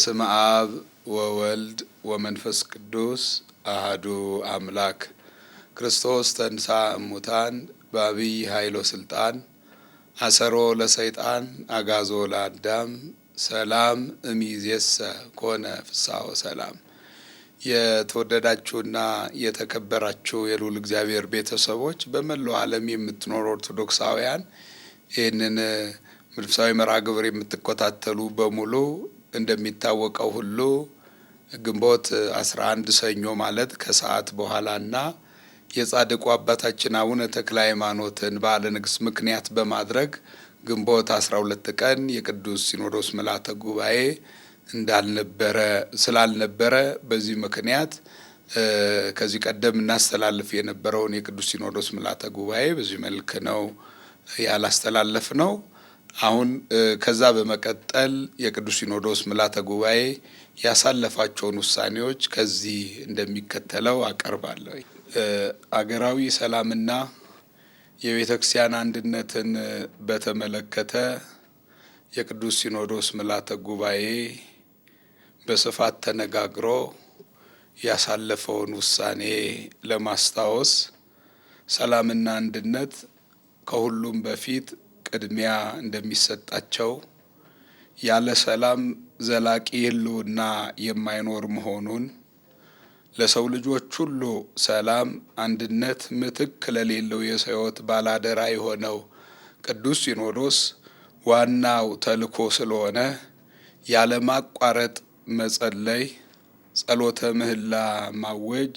በስም አብ ወወልድ ወመንፈስ ቅዱስ አህዱ አምላክ። ክርስቶስ ተንሳ እሙታን በአብይ ኃይሎ ስልጣን አሰሮ ለሰይጣን አጋዞ ለአዳም ሰላም እሚዜሰ ኮነ ፍሳሆ ሰላም የተወደዳችሁና የተከበራችሁ የልዑል እግዚአብሔር ቤተሰቦች በመላው ዓለም የምትኖሩ ኦርቶዶክሳውያን ይህንን መንፈሳዊ መርሃ ግብር የምትከታተሉ በሙሉ እንደሚታወቀው ሁሉ ግንቦት 11 ሰኞ ማለት ከሰዓት በኋላና የጻድቁ አባታችን አቡነ ተክለ ሃይማኖትን በዓለ ንግሥ ምክንያት በማድረግ ግንቦት 12 ቀን የቅዱስ ሲኖዶስ ምልዓተ ጉባኤ እንዳልነበረ ስላልነበረ በዚህ ምክንያት ከዚህ ቀደም እናስተላልፍ የነበረውን የቅዱስ ሲኖዶስ ምልዓተ ጉባኤ በዚህ መልክ ነው ያላስተላለፍ ነው። አሁን ከዛ በመቀጠል የቅዱስ ሲኖዶስ ምልዓተ ጉባኤ ያሳለፋቸውን ውሳኔዎች ከዚህ እንደሚከተለው አቀርባለሁ። አገራዊ ሰላምና የቤተ ክርስቲያን አንድነትን በተመለከተ የቅዱስ ሲኖዶስ ምልዓተ ጉባኤ በስፋት ተነጋግሮ ያሳለፈውን ውሳኔ ለማስታወስ ሰላምና አንድነት ከሁሉም በፊት ቅድሚያ እንደሚሰጣቸው ያለ ሰላም ዘላቂ ህልውና የማይኖር መሆኑን ለሰው ልጆች ሁሉ ሰላም፣ አንድነት ምትክ ለሌለው የሰው ሕይወት ባላደራ የሆነው ቅዱስ ሲኖዶስ ዋናው ተልእኮ ስለሆነ ያለማቋረጥ መጸለይ፣ ጸሎተ ምህላ ማወጅ፣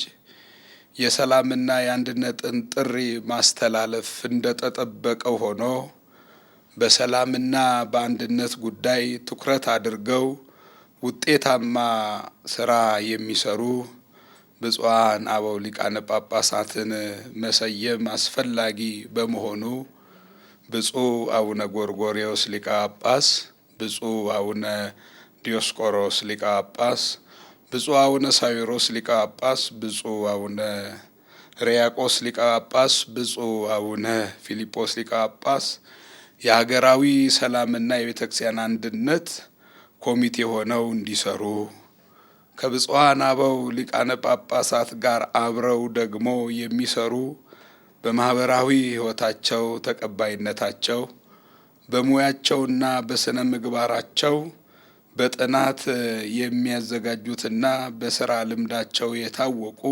የሰላምና የአንድነትን ጥሪ ማስተላለፍ እንደተጠበቀ ሆኖ በሰላምና በአንድነት ጉዳይ ትኩረት አድርገው ውጤታማ ስራ የሚሰሩ ብፁዓን አበው ሊቃነ ጳጳሳትን መሰየም አስፈላጊ በመሆኑ ብፁዕ አቡነ ጎርጎሪዎስ ሊቀ ጳጳስ፣ ብፁዕ አቡነ ዲዮስቆሮስ ሊቀ ጳጳስ፣ ብፁዕ አቡነ ሳዊሮስ ሊቀ ጳጳስ፣ ብፁዕ አቡነ ሪያቆስ ሊቀ ጳጳስ፣ ብፁዕ አቡነ ፊሊጶስ ሊቀ ጳጳስ የሀገራዊ ሰላምና የቤተክርስቲያን አንድነት ኮሚቴ ሆነው እንዲሰሩ ከብፁዓን አበው ሊቃነ ጳጳሳት ጋር አብረው ደግሞ የሚሰሩ በማህበራዊ ሕይወታቸው ተቀባይነታቸው በሙያቸውና በስነ ምግባራቸው በጥናት የሚያዘጋጁትና በስራ ልምዳቸው የታወቁ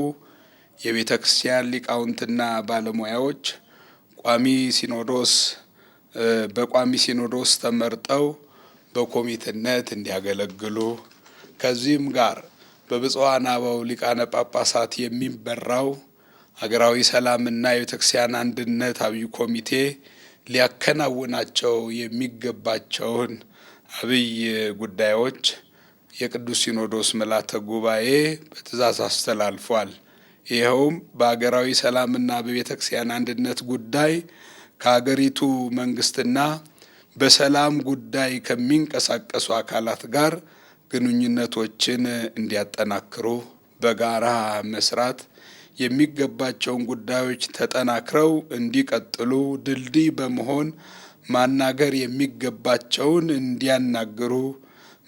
የቤተ ክርስቲያን ሊቃውንትና ባለሙያዎች ቋሚ ሲኖዶስ በቋሚ ሲኖዶስ ተመርጠው በኮሚቴነት እንዲያገለግሉ ከዚህም ጋር በብፁዓን አበው ሊቃነ ጳጳሳት የሚመራው ሀገራዊ ሰላምና የቤተክርስቲያን አንድነት አብይ ኮሚቴ ሊያከናውናቸው የሚገባቸውን አብይ ጉዳዮች የቅዱስ ሲኖዶስ ምልዓተ ጉባኤ በትእዛዝ አስተላልፏል። ይኸውም በሀገራዊ ሰላምና በቤተክርስቲያን አንድነት ጉዳይ ከሀገሪቱ መንግስትና በሰላም ጉዳይ ከሚንቀሳቀሱ አካላት ጋር ግንኙነቶችን እንዲያጠናክሩ በጋራ መስራት የሚገባቸውን ጉዳዮች ተጠናክረው እንዲቀጥሉ ድልድይ በመሆን ማናገር የሚገባቸውን እንዲያናግሩ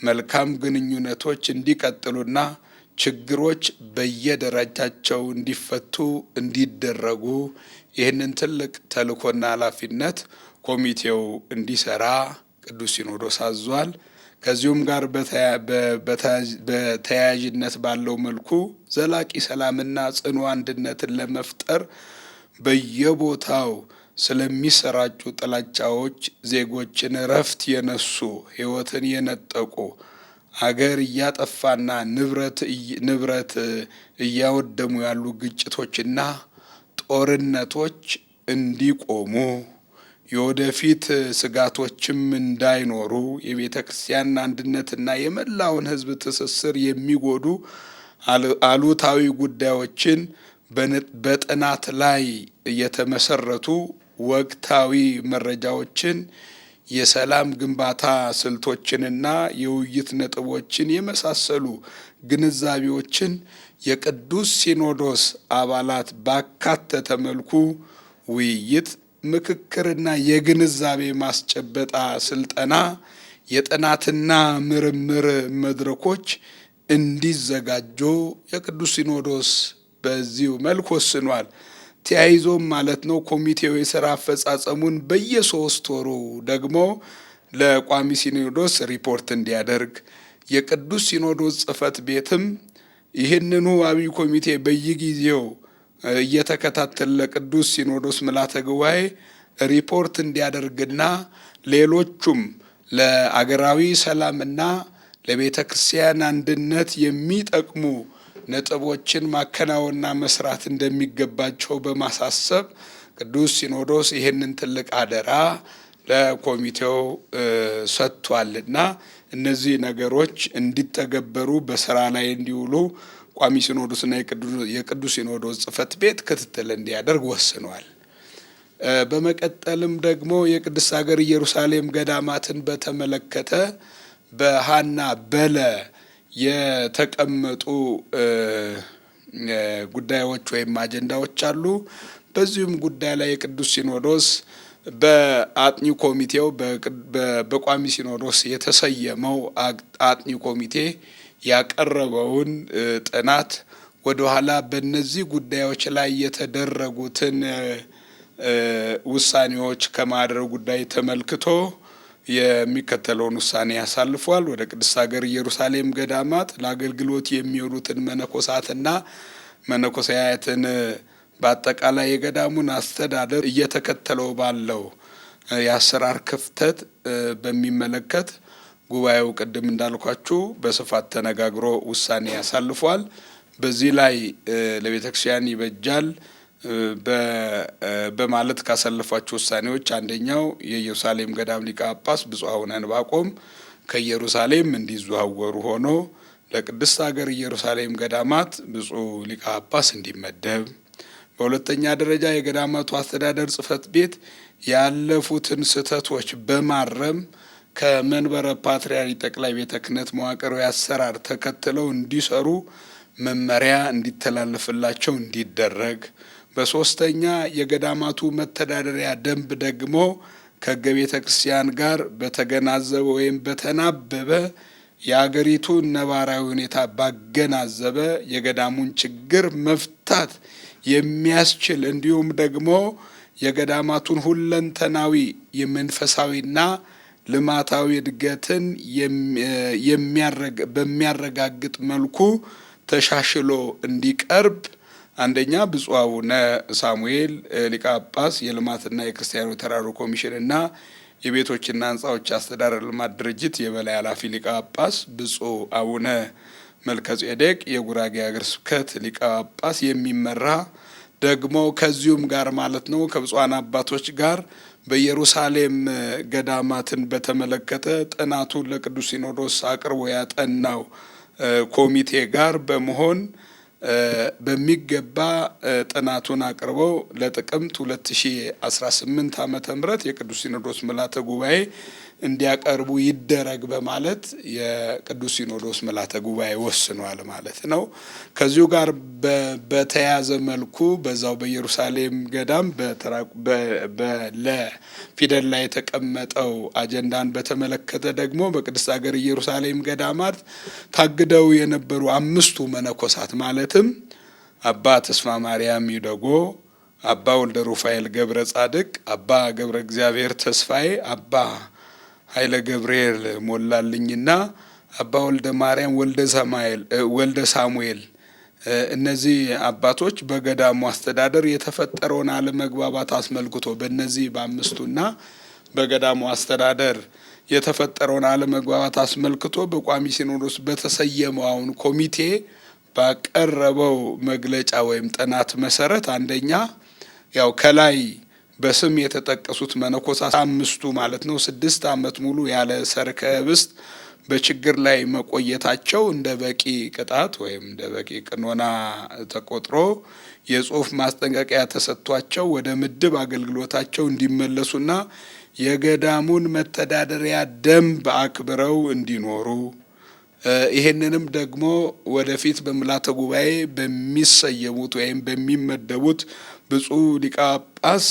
መልካም ግንኙነቶች እንዲቀጥሉና ችግሮች በየደረጃቸው እንዲፈቱ እንዲደረጉ ይህንን ትልቅ ተልእኮና ኃላፊነት ኮሚቴው እንዲሰራ ቅዱስ ሲኖዶስ አዟል። ከዚሁም ጋር በተያያዥነት ባለው መልኩ ዘላቂ ሰላምና ጽኑ አንድነትን ለመፍጠር በየቦታው ስለሚሰራጩ ጥላቻዎች ዜጎችን እረፍት የነሱ ሕይወትን የነጠቁ አገር እያጠፋና ንብረት እያወደሙ ያሉ ግጭቶችና ጦርነቶች እንዲቆሙ የወደፊት ስጋቶችም እንዳይኖሩ የቤተ ክርስቲያን አንድነትና የመላውን ሕዝብ ትስስር የሚጎዱ አሉታዊ ጉዳዮችን በጥናት ላይ የተመሰረቱ ወቅታዊ መረጃዎችን፣ የሰላም ግንባታ ስልቶችንና የውይይት ነጥቦችን የመሳሰሉ ግንዛቤዎችን የቅዱስ ሲኖዶስ አባላት ባካተተ መልኩ ውይይት፣ ምክክርና የግንዛቤ ማስጨበጣ ስልጠና፣ የጥናትና ምርምር መድረኮች እንዲዘጋጁ የቅዱስ ሲኖዶስ በዚሁ መልክ ወስኗል። ተያይዞም ማለት ነው ኮሚቴው የስራ አፈጻጸሙን በየሶስት ወሩ ደግሞ ለቋሚ ሲኖዶስ ሪፖርት እንዲያደርግ የቅዱስ ሲኖዶስ ጽህፈት ቤትም ይህንኑ አብይ ኮሚቴ በየጊዜው እየተከታተለ ለቅዱስ ሲኖዶስ ምልዓተ ጉባኤ ሪፖርት እንዲያደርግና ሌሎቹም ለአገራዊ ሰላምና ለቤተ ክርስቲያን አንድነት የሚጠቅሙ ነጥቦችን ማከናወንና መስራት እንደሚገባቸው በማሳሰብ ቅዱስ ሲኖዶስ ይህንን ትልቅ አደራ ለኮሚቴው ሰጥቷልና እነዚህ ነገሮች እንዲተገበሩ በስራ ላይ እንዲውሉ ቋሚ ሲኖዶስና የቅዱስ ሲኖዶስ ጽሕፈት ቤት ክትትል እንዲያደርግ ወስኗል። በመቀጠልም ደግሞ የቅድስት ሀገር ኢየሩሳሌም ገዳማትን በተመለከተ በሀና በለ የተቀመጡ ጉዳዮች ወይም አጀንዳዎች አሉ። በዚሁም ጉዳይ ላይ የቅዱስ ሲኖዶስ በአጥኚ ኮሚቴው በቋሚ ሲኖዶስ የተሰየመው አጥኚ ኮሚቴ ያቀረበውን ጥናት ወደኋላ በእነዚህ ጉዳዮች ላይ የተደረጉትን ውሳኔዎች ከማድረግ ጉዳይ ተመልክቶ የሚከተለውን ውሳኔ ያሳልፏል። ወደ ቅድስት ሀገር ኢየሩሳሌም ገዳማት ለአገልግሎት የሚውሉትን መነኮሳትና መነኮሳያትን በአጠቃላይ የገዳሙን አስተዳደር እየተከተለው ባለው የአሰራር ክፍተት በሚመለከት ጉባኤው ቅድም እንዳልኳችሁ በስፋት ተነጋግሮ ውሳኔ ያሳልፏል። በዚህ ላይ ለቤተ ክርስቲያን ይበጃል በማለት ካሳለፏቸው ውሳኔዎች አንደኛው የኢየሩሳሌም ገዳም ሊቀ ጳጳስ ብፁዕ አቡነ ዕንባቆም ከኢየሩሳሌም እንዲዘዋወሩ ሆኖ ለቅድስት ሀገር ኢየሩሳሌም ገዳማት ብፁዕ ሊቀ ጳጳስ እንዲመደብ በሁለተኛ ደረጃ የገዳማቱ አስተዳደር ጽሕፈት ቤት ያለፉትን ስህተቶች በማረም ከመንበረ ፓትርያርክ ጠቅላይ ቤተ ክህነት መዋቅራዊ አሰራር ተከትለው እንዲሰሩ መመሪያ እንዲተላለፍላቸው እንዲደረግ፣ በሶስተኛ የገዳማቱ መተዳደሪያ ደንብ ደግሞ ከሕገ ቤተ ክርስቲያን ጋር በተገናዘበ ወይም በተናበበ የአገሪቱ ነባራዊ ሁኔታ ባገናዘበ የገዳሙን ችግር መፍት ለመፍታት የሚያስችል እንዲሁም ደግሞ የገዳማቱን ሁለንተናዊ የመንፈሳዊና ልማታዊ እድገትን በሚያረጋግጥ መልኩ ተሻሽሎ እንዲቀርብ አንደኛ ብፁዕ አቡነ ሳሙኤል ሊቀ ጳጳስ የልማትና የክርስቲያኑ ተራድኦ ኮሚሽንና የቤቶችና ህንፃዎች አስተዳደር ልማት ድርጅት የበላይ ኃላፊ ሊቀ ጳጳስ ብፁዕ አቡነ መልከጼዴቅ የጉራጌ ሀገረ ስብከት ሊቀ ጳጳስ የሚመራ ደግሞ ከዚሁም ጋር ማለት ነው ከብፁዓን አባቶች ጋር በኢየሩሳሌም ገዳማትን በተመለከተ ጥናቱን ለቅዱስ ሲኖዶስ አቅርቦ ያጠናው ኮሚቴ ጋር በመሆን በሚገባ ጥናቱን አቅርበው ለጥቅምት 2018 ም የቅዱስ ሲኖዶስ ምልዓተ ጉባኤ እንዲያቀርቡ ይደረግ በማለት የቅዱስ ሲኖዶስ ምልዓተ ጉባኤ ወስኗል ማለት ነው። ከዚሁ ጋር በተያያዘ መልኩ በዛው በኢየሩሳሌም ገዳም ለፊደል ላይ የተቀመጠው አጀንዳን በተመለከተ ደግሞ በቅድስት ሀገር ኢየሩሳሌም ገዳማት ታግደው የነበሩ አምስቱ መነኮሳት ማለትም አባ ተስፋ ማርያም ይደጎ፣ አባ ወልደ ሩፋኤል ገብረ ጻድቅ፣ አባ ገብረ እግዚአብሔር ተስፋዬ፣ አባ ኃይለ ገብርኤል ሞላልኝና አባ ወልደ ማርያም ወልደ ሳሙኤል እነዚህ አባቶች በገዳሙ አስተዳደር የተፈጠረውን አለመግባባት አስመልክቶ በእነዚህ በአምስቱና በገዳሙ አስተዳደር የተፈጠረውን አለመግባባት አስመልክቶ በቋሚ ሲኖዶስ በተሰየመው አሁን ኮሚቴ ባቀረበው መግለጫ ወይም ጥናት መሰረት አንደኛ ያው ከላይ በስም የተጠቀሱት መነኮሳት አምስቱ ማለት ነው ስድስት ዓመት ሙሉ ያለ ሠርከ ኅብስት በችግር ላይ መቆየታቸው እንደ በቂ ቅጣት ወይም እንደ በቂ ቅኖና ተቆጥሮ የጽሁፍ ማስጠንቀቂያ ተሰጥቷቸው ወደ ምድብ አገልግሎታቸው እንዲመለሱና የገዳሙን መተዳደሪያ ደንብ አክብረው እንዲኖሩ ይህንንም ደግሞ ወደፊት በምልዓተ ጉባኤ በሚሰየሙት ወይም በሚመደቡት ብፁዕ ሊቀ ጳጳስ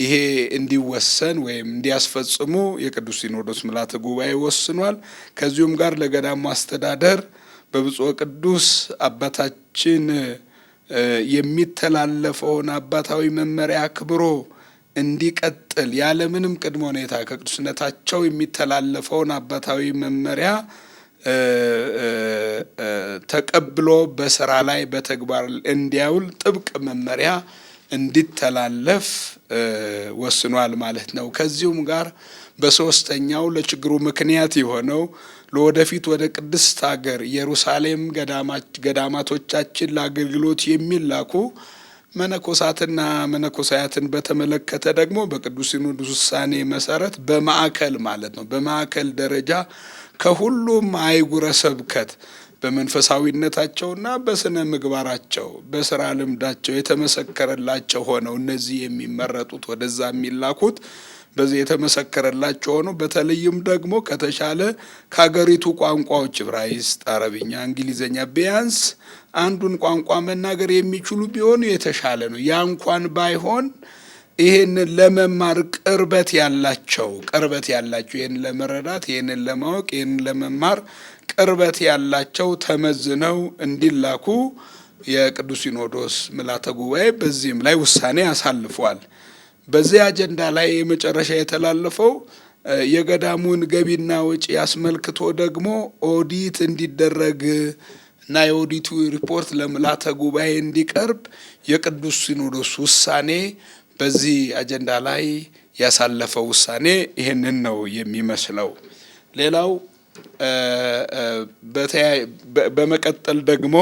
ይሄ እንዲወሰን ወይም እንዲያስፈጽሙ የቅዱስ ሲኖዶስ ምልዓተ ጉባኤ ወስኗል። ከዚሁም ጋር ለገዳሙ አስተዳደር በብፁዕ ቅዱስ አባታችን የሚተላለፈውን አባታዊ መመሪያ አክብሮ እንዲቀጥል ያለምንም ቅድመ ሁኔታ ከቅዱስነታቸው የሚተላለፈውን አባታዊ መመሪያ ተቀብሎ በስራ ላይ በተግባር እንዲያውል ጥብቅ መመሪያ እንዲተላለፍ ወስኗል ማለት ነው። ከዚሁም ጋር በሶስተኛው ለችግሩ ምክንያት የሆነው ለወደፊት ወደ ቅድስት ሀገር ኢየሩሳሌም ገዳማቶቻችን ለአገልግሎት የሚላኩ መነኮሳትና መነኮሳያትን በተመለከተ ደግሞ በቅዱስ ሲኖዶስ ውሳኔ መሰረት በማዕከል ማለት ነው በማዕከል ደረጃ ከሁሉም አህጉረ ስብከት በመንፈሳዊነታቸውና በስነ ምግባራቸው በስራ ልምዳቸው የተመሰከረላቸው ሆነው እነዚህ የሚመረጡት ወደዛ የሚላኩት በዚህ የተመሰከረላቸው ሆነው በተለይም ደግሞ ከተሻለ ከሀገሪቱ ቋንቋዎች ዕብራይስጥ፣ አረብኛ፣ እንግሊዘኛ ቢያንስ አንዱን ቋንቋ መናገር የሚችሉ ቢሆኑ የተሻለ ነው። ያ እንኳን ባይሆን ይህንን ለመማር ቅርበት ያላቸው ቅርበት ያላቸው ይህንን ለመረዳት ይህንን ለማወቅ ይህንን ለመማር ቅርበት ያላቸው ተመዝነው እንዲላኩ የቅዱስ ሲኖዶስ ምልዓተ ጉባኤ በዚህም ላይ ውሳኔ አሳልፏል። በዚህ አጀንዳ ላይ የመጨረሻ የተላለፈው የገዳሙን ገቢና ወጪ አስመልክቶ ደግሞ ኦዲት እንዲደረግ እና የኦዲቱ ሪፖርት ለምልዓተ ጉባኤ እንዲቀርብ የቅዱስ ሲኖዶስ ውሳኔ በዚህ አጀንዳ ላይ ያሳለፈው ውሳኔ ይህንን ነው የሚመስለው። ሌላው በመቀጠል ደግሞ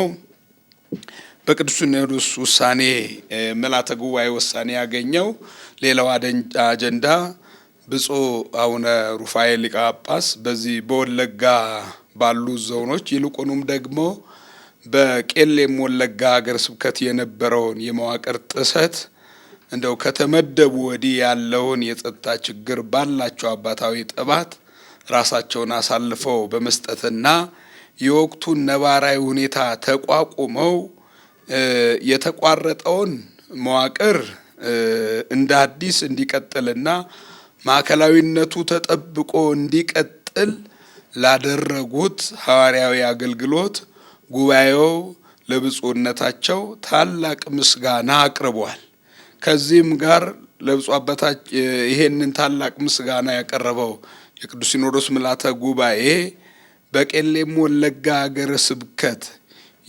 በቅዱስ ሲኖዶስ ውሳኔ ምልዓተ ጉባኤ ውሳኔ ያገኘው ሌላው አጀንዳ ብፁዕ አቡነ ሩፋኤል ሊቀ ጳጳስ በዚህ በወለጋ ባሉ ዞኖች ይልቁንም ደግሞ በቄሌም ወለጋ ሀገረ ስብከት የነበረውን የመዋቅር ጥሰት እንደው ከተመደቡ ወዲህ ያለውን የጸጥታ ችግር ባላቸው አባታዊ ጥባት ራሳቸውን አሳልፈው በመስጠትና የወቅቱን ነባራዊ ሁኔታ ተቋቁመው የተቋረጠውን መዋቅር እንደ አዲስ እንዲቀጥልና ማዕከላዊነቱ ተጠብቆ እንዲቀጥል ላደረጉት ሐዋርያዊ አገልግሎት ጉባኤው ለብፁዕነታቸው ታላቅ ምስጋና አቅርቧል። ከዚህም ጋር ለብፁዕ አባታችን ይሄንን ታላቅ ምስጋና ያቀረበው የቅዱስ ሲኖዶስ ምልዓተ ጉባኤ በቄሌም ወለጋ ሀገረ ስብከት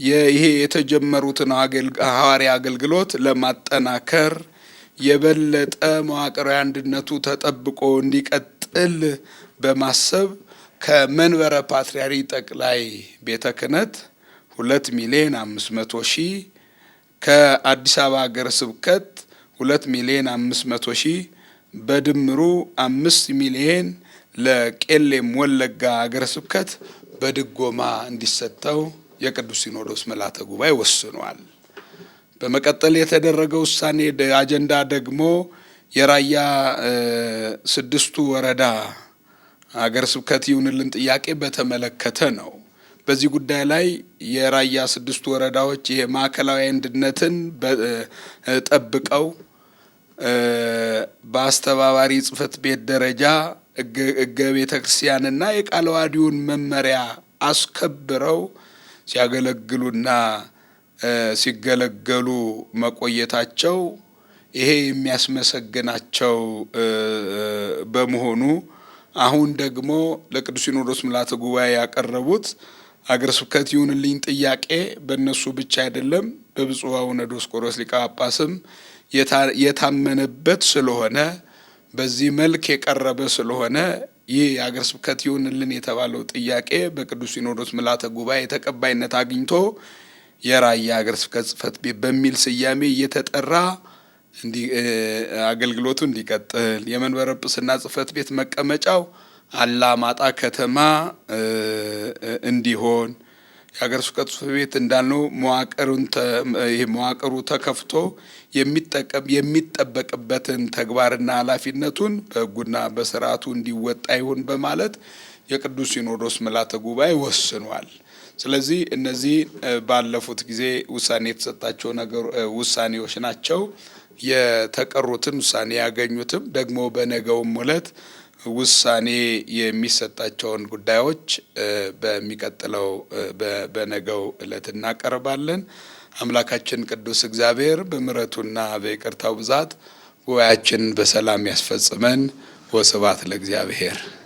ይሄ የተጀመሩትን ሐዋርያ አገልግሎት ለማጠናከር የበለጠ መዋቅራዊ አንድነቱ ተጠብቆ እንዲቀጥል በማሰብ ከመንበረ ፓትርያሪ ጠቅላይ ቤተ ክህነት ሁለት ሚሊዮን አምስት መቶ ሺህ ከአዲስ አበባ ሀገረ ስብከት ሁለት ሚሊዮን አምስት መቶ ሺህ በድምሩ አምስት ሚሊዮን ለቄሌም ወለጋ ሀገረ ስብከት በድጎማ እንዲሰጠው የቅዱስ ሲኖዶስ ምልዓተ ጉባኤ ወስኗል። በመቀጠል የተደረገው ውሳኔ አጀንዳ ደግሞ የራያ ስድስቱ ወረዳ ሀገረ ስብከት ይሁንልን ጥያቄ በተመለከተ ነው። በዚህ ጉዳይ ላይ የራያ ስድስቱ ወረዳዎች የማዕከላዊ አንድነትን ጠብቀው በአስተባባሪ ጽሕፈት ቤት ደረጃ ሕገ ቤተ ክርስቲያንና የቃለ ዓዋዲውን መመሪያ አስከብረው ሲያገለግሉና ሲገለገሉ መቆየታቸው ይሄ የሚያስመሰግናቸው በመሆኑ አሁን ደግሞ ለቅዱስ ሲኖዶስ ምልዓተ ጉባኤ ያቀረቡት አገረ ስብከት ይሁንልኝ ጥያቄ በእነሱ ብቻ አይደለም በብፁዕ አቡነ ዲዮስቆሮስ ሊቀ ጳጳስም የታመነበት ስለሆነ በዚህ መልክ የቀረበ ስለሆነ ይህ የአገር ስብከት ይሁንልን የተባለው ጥያቄ በቅዱስ ሲኖዶስ ምልዓተ ጉባኤ ተቀባይነት አግኝቶ የራያ አገር ስብከት ጽሕፈት ቤት በሚል ስያሜ እየተጠራ አገልግሎቱ እንዲቀጥል የመንበረ ጵጵስና ጽሕፈት ቤት መቀመጫው አላማጣ ከተማ እንዲሆን የሀገር ስብከት ጽሕፈት ቤት እንዳልነው መዋቅሩን መዋቅሩ ተከፍቶ የሚጠቀም የሚጠበቅበትን ተግባርና ኃላፊነቱን በሕጉና በስርዓቱ እንዲወጣ ይሁን በማለት የቅዱስ ሲኖዶስ ምልዓተ ጉባኤ ወስኗል። ስለዚህ እነዚህ ባለፉት ጊዜ ውሳኔ የተሰጣቸው ውሳኔዎች ናቸው። የተቀሩትን ውሳኔ ያገኙትም ደግሞ በነገውም ዕለት ውሳኔ የሚሰጣቸውን ጉዳዮች በሚቀጥለው በነገው ዕለት እናቀርባለን። አምላካችን ቅዱስ እግዚአብሔር በምሕረቱና በይቅርታው ብዛት ጉባኤያችንን በሰላም ያስፈጽመን። ወስብሐት ለእግዚአብሔር።